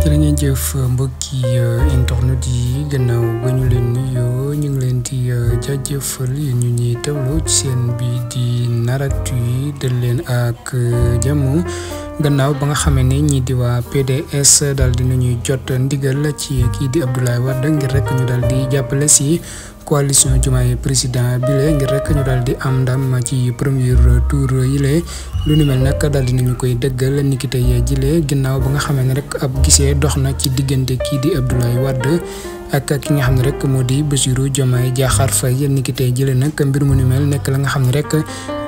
jërë ngeen jëf mbokki euh, internet yi gannaaw ba ñu leen jaajëfal ñu ñuy teewlu ci seen bi di naratu yi dal leen ak jàmm gannaaw ba nga xamee ne ñii di waa PDS daal di nañuy jot ndigal ci kii di Abdoulaye Wade ngir rek ñu daal di jàppale si. coalition Diomaye président bi ngir rek ñu daal di am ndam ci premier tour yi le lu ni mel nag dal di nañu koy dëggal niki tey jilee ginnaaw ba nga xamee ne rek ab gisee dox na ci diggante kii di Abdoulaye Wade. ak ki nga xam ne rek moo di Bassirou Diomaye Diakhar Faye ni ki tey jëlee nag mbir mu ni mel nekk la nga xam ne rek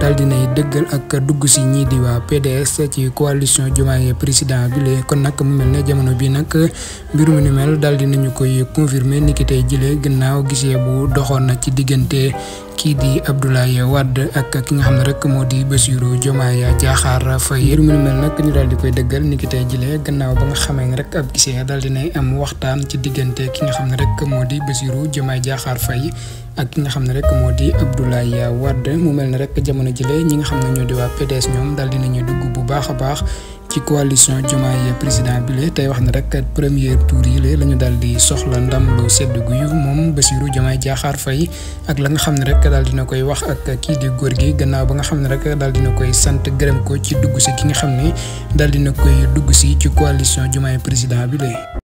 daal dinay dëggal ak dugg si ñii di waa PDS ci coalition Diomaye président bi lee kon nag mu mel ne jamono bi nag mbir mu ni mel daal nañu koy confirmer ni ki tey jëlee gannaaw gisee bu doxoon na ci diggante kii di Abdoulaye Wade ak ki nga xam ne rek moo di Bassirou Diomaye Diakhar Faye lu mu mel nag ñu daal di koy dëggal ni ki tey jilee gannaaw ba nga xamee ne rek ab gisee daal dinay am waxtaan ci diggante ki nga xam ne rek moo di Bassirou Diomaye Diakhar fay ak ki nga xam ne rek moo di Abdoulaye Wade mu mel ne rek jamono jile ñi nga xam ne ñoo di waa ñoom daal dinañu dugg bu baax a baax ci coalition Diomaye président bi la tey wax na rek premier tour yi la ñu daal di soxla ndam lu sedd guyu moom Bassirou Diomaye Diakhar fay ak la nga xam ne rek daal dina koy wax ak kii di góor gi gannaaw ba nga xam ne rek daal dina koy sant gërëm ko ci dugg si ki nga xam ni daal na koy dugg si ci coalition Diomaye président bi la